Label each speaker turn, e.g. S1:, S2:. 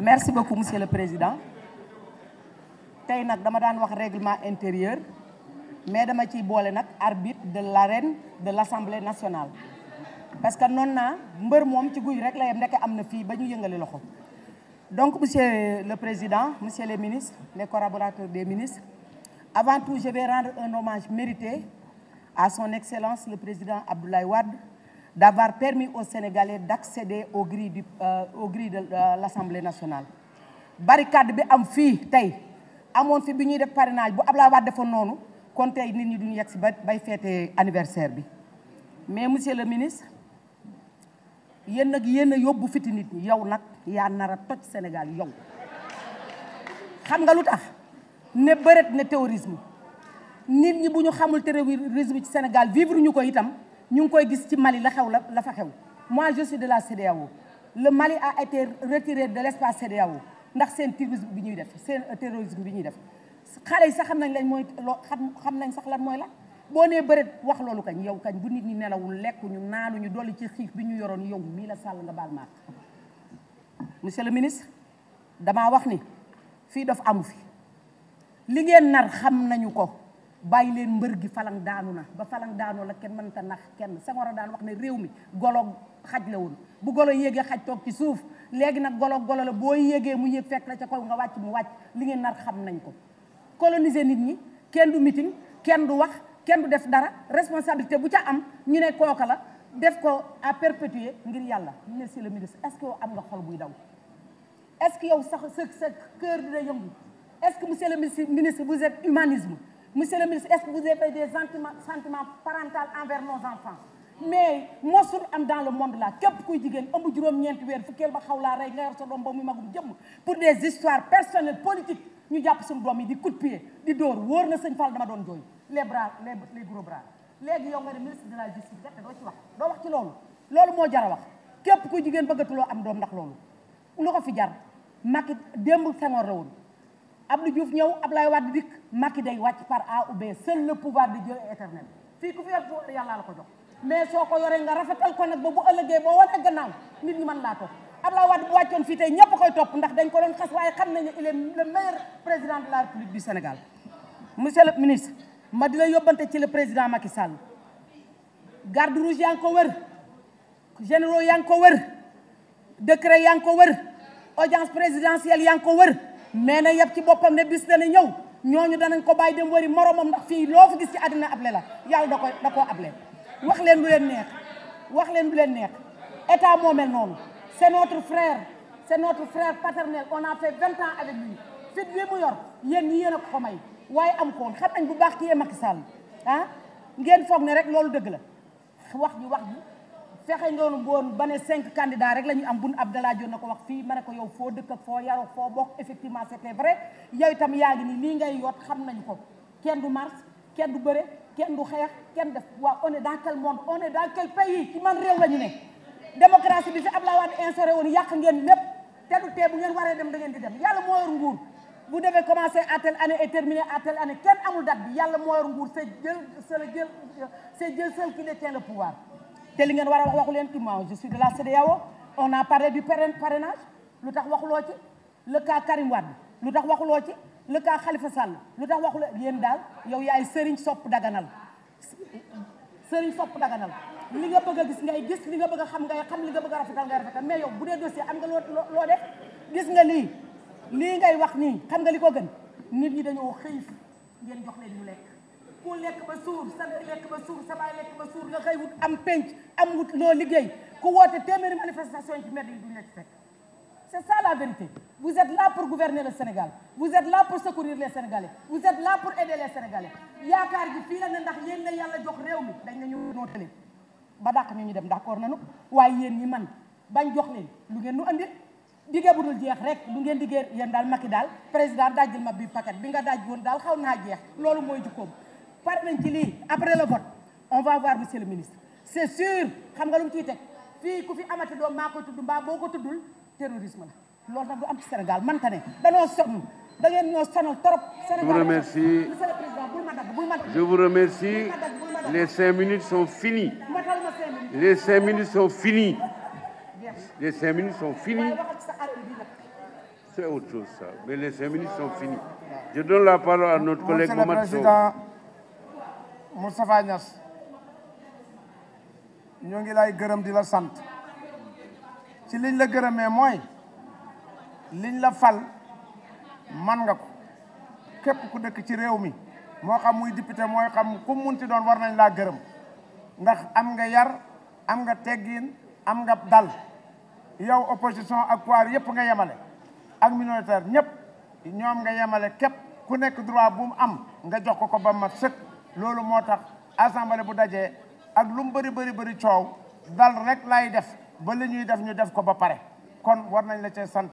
S1: merci beaucoup monsieur le président tey nag dama daan wax règlement intérieur mais dama ciy boole nag arbitre de l'arène de l'Assemblée nationale parce que noon naa mbër moom ci guy rek la yem ndeke am na fii ba ñu yëngale loxo donc monsieur le président monsieur les ministres les collaborateurs des ministres avant tout je vais rendre un hommage mérité à son excellence le président Abdoulaye Wade d'avoir permis aux Sénégalais d'accéder aux grilles du euh, aux grilles de euh, l'Assemblée nationale barricade bi am fii tey amoon fi bi ñuy def parrainage bu Abdoulaye Wade defoon noonu kon tey nit ñi duñu yegg si ba bay feete anniversaire bi mais monsieur le ministre yéen nag yéen yóbbu fiti nit ñi yow nag yaa nar a toj Sénégal yow xam nga lu tax ne bëret ne terrorisme nit ñi bu ñu xamul terrorisme ci Sénégal vivre ñu ko itam ñu ngi koy gis ci Mali la xew la la fa xew mois je de la CEDEAO le Mali a été retiré de l' espace CEDEAO ndax seen terrorisme bi ñuy def seen euh, terrorisme bi ñuy def xale yi sax xam nañ lañ mooy loo xam nañ sax lan mooy la boo nee bëreet wax loolu kañ yow kañ bu nit ñi nelawul lekk ñu naanu ñu dolli ci xiif bi ñu yoroon yow mii la sàll nga baal maak monsieur le ministre damaa wax ni fii daf amu fi li ngeen nar xam nañu ko bàyyi leen mbër gi falang daanu na ba falang daanoo la kenn mënta nax kenn Senghor a daan wax ne réew mi golo xaj la woon bu golo yéegee xaj toog ci suuf léegi nag golo golo la boo yéegee mu yéeg fekk la ca kow nga wàcc mu wàcc li ngeen nar xam nañ ko coloniser nit ñi kenn du meeting kenn du wax kenn du def dara responsabilité bu ca am ñu ne kooka la def ko à perpétuer ngir yàlla monsieur le ministre est-ce que yow am nga xol buy daw est-ce que yow sax sa sa cœur dina yëngu est-ce que monsieur le ministre vous êtes humanisme Monsieur le ministre, est-ce que vous avez des sentiments, sentiments parentaux envers nos enfants mais mosul am dans le monde la képp ku jigéen ëmb juróom-ñeenti weer fukkeel ba xaw laa rey nga yor sa doom ba muy magum jëmm pour des histoires personnelles politiques ñu jàpp suñu doom yi di coup de di dóor wóor na sëñ Fall dama doon jooy les bras les les gros bras léegi ministre de la justice def doo ci wax doo wax ci loolu loolu moo jar a wax képp kuy jigéen bëggatuloo am doom ndax loolu lu ko fi jar Macky démb Senghor la woon Abdou Diouf ñëw Ablaye Wade dikk Macky day wàcc par A ou B seul le pouvoir de Dieu est éternel fii ku fi yor yàlla la ko jox mais soo ko yoree nga rafetal ko nag ba bu ëllëgee boo wane gannaaw nit ñi man laa topp Ablaye Wade bu wàccoon fii tey ñëpp koy topp ndax dañ ko doon xas waaye xam nañu il est le meilleur président de la République du Sénégal monsieur le ministre ma di la yóbbante ci le président Macky Sall garde rouge yaa ko wër généraux yaa ngi ko wër décret yaa ngi ko wër audience présidentielle yaa ngi ko wër nee na yëpp ci boppam ne bis dana ñëw ñooñu danañ ko bàyyi dem wëri moromam ndax fii loo fi gis ci àddina able la yàlla da koy da koo able wax leen lu leen neex wax leen lu leen neex état moo mel noonu c'est notre frère c'est notre frère paternel on a fait vingt ans avec lui fit bi mu yor yéen ñi yéen a ko may waaye am koon xam nañ bu baax ki yee Macky Sall ah? ngeen foog ne rek loolu dëgg la wax ji wax ji fexe ndoonu boon ba ne cinq candidats rek la ñu am bun Abdallah Dione na ko wax fii ma ne ko yow foo dëkk ak foo yaroo foo bokk effectivement c'était vrai yow itam yaa ngi ni lii ngay yoot xam nañu ko kenn du marche kenn du bëre kenn du xeex kenn def waaw on est dans quel on est dans quel pays ci man réew la ñu ne démocratie bi fi Abdoulaye Wade instauré woon yàq ngeen lépp te du tee bu ngeen waree dem da ngeen di dem yàlla moo yor nguur bu devez commencer à telle année et terminer à telle année kenn amul date bi yàlla moo yor nguur c'est Dieu seul Dieu c'est Dieu seul qui détient te li ngeen war a waxu leen ci moi je suis de la CEDEAO on a parlé du parrainage lu tax waxu loo ci le cas Karim Wade lu tax waxuloo ci le cas Khalifa Sall lu tax waxuloo yéen daal yow yaay sëriñ sopp daganal sëriñ sopp daganal li nga bëgg a gis ngay gis li nga bëgg xam ngay xam li nga bëgg a rafetal ngay rafetal mais yow bu dee dossier am nga loo loo def gis nga lii lii ngay wax nii xam nga li ko gën nit ñi dañoo xëy ngeen jox leen ñu lekk ba suur sant lekk ba suur sabaay lekk nga xëy wut am penc am wut loo liggéey ku woote téeméeri manifestation yi ci mbedd yi duñ la ci fekk c'est ça la vérité vous êtes là pour gouverner le Sénégal vous êtes la pour secourir les Sénégalais vous êtes là pour aider les Sénégalais yaakaar gi fii la ne ndax yéen la yàlla jox réew mi dañ nañu noo tële ba dàq ñu ñu dem d'accord nañu waaye yéen ñi man bañ jox leen lu ngeen nu indi diggee bu dul jeex rek lu ngeen diggee yéen daal Macky daal président dajjil ma bi paquet bi nga daj woon daal xaw naa jeex loolu mooy jukkoom pare nañ ci après la vote on va voir monsieur le ministre c'est sûr xam nga lu mu fii ku fi amati doom maa koy mbaa boo ko tuddul terrorisme la loolu nag du am ci Sénégal man tane danoo sonn da ngeen ñoo sonal Sénégal je vous remercie les cinq minutes sont finies. matal ma cinq minutes. les cinq minutes sont finies. les cinq minutes sont finies. c'est autre chose ça mais les cinq minutes sont finies. je donne la parole à notre collègue Mamadou Sow. Moustapha Niass ñoo ngi lay gërëm di la sant ci liñ la gërëmee mooy liñ la fal man nga ko képp ku dëkk ci réew mi moo xam muy député mooy xam ku munti doon war nañ laa gërëm ndax am nga yar am nga teggiin am nga dal yow opposition ak pouvoir yëpp nga yemale ak minoritaire ñëpp ñoom nga yemale képp ku nekk droit bu mu am nga jox ko ko ba mat sëkk loolu moo tax assemblée bu dajee ak lu mu bëri bëri bëri coow dal rek lay def ba li ñuy def ñu def ko ba pare kon war nañ la cee sant